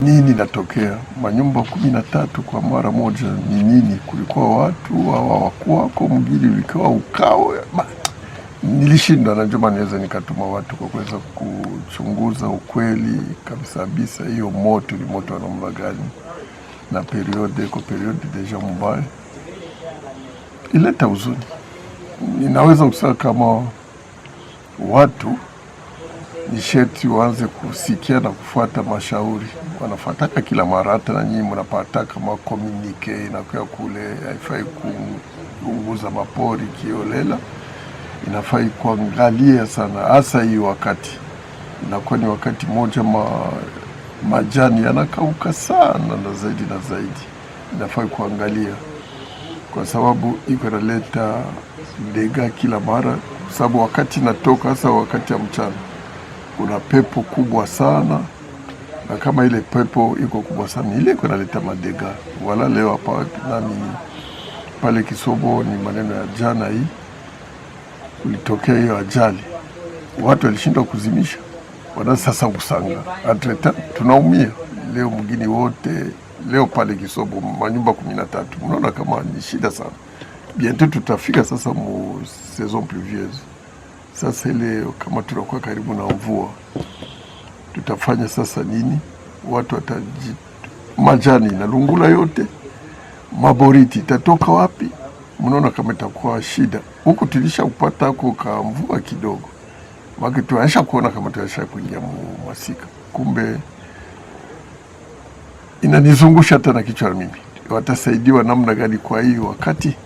nini natokea, manyumba kumi na tatu kwa mara moja ni nini? Kulikuwa watu hawakuwako, mgili ulikuwa ukao. Nilishindwa, na ndio maana niweza nikatuma watu kwa kuweza kuchunguza ukweli kabisa kabisa, hiyo moto ni moto wa namna gani, na periode kwa periode deja mbaya, ileta huzuni. Ninaweza kusema kama watu nisheti waanze kusikia na kufuata mashauri wanafataka kila mara, hata na nyinyi mnapataka makomunike inakuwa kule, haifai kuunguza mapori kiolela, inafai kuangalia sana, hasa hii wakati inakuwa ni wakati moja ma, majani yanakauka sana na zaidi na zaidi, inafai kuangalia kwa sababu iko inaleta dega kila mara, kwa sababu wakati inatoka hasa wakati ya mchana kuna pepo kubwa sana, na kama ile pepo iko kubwa sana, ile iko naleta madega wala leo hapa nani pale Kisobo, ni maneno ya jana hii, kulitokea hiyo ajali, watu walishindwa kuzimisha, wana sasa kusanga atleta, tunaumia leo mgini wote leo pale Kisobo manyumba kumi na tatu. Mnaona kama ni shida sana, bientôt tutafika sasa mu saison pluvieuse. Sasa leo kama tunakuwa karibu na mvua, tutafanya sasa nini? Watu wataji majani na lungula yote maboriti itatoka wapi? Mnaona kama itakuwa shida huku, tulisha kupata ka kamvua kidogo, maki tunaisha kuona kama tunaisha kuingia masika. Kumbe inanizungusha hata na kichwa mimi, watasaidiwa namna gani? Kwa hii wakati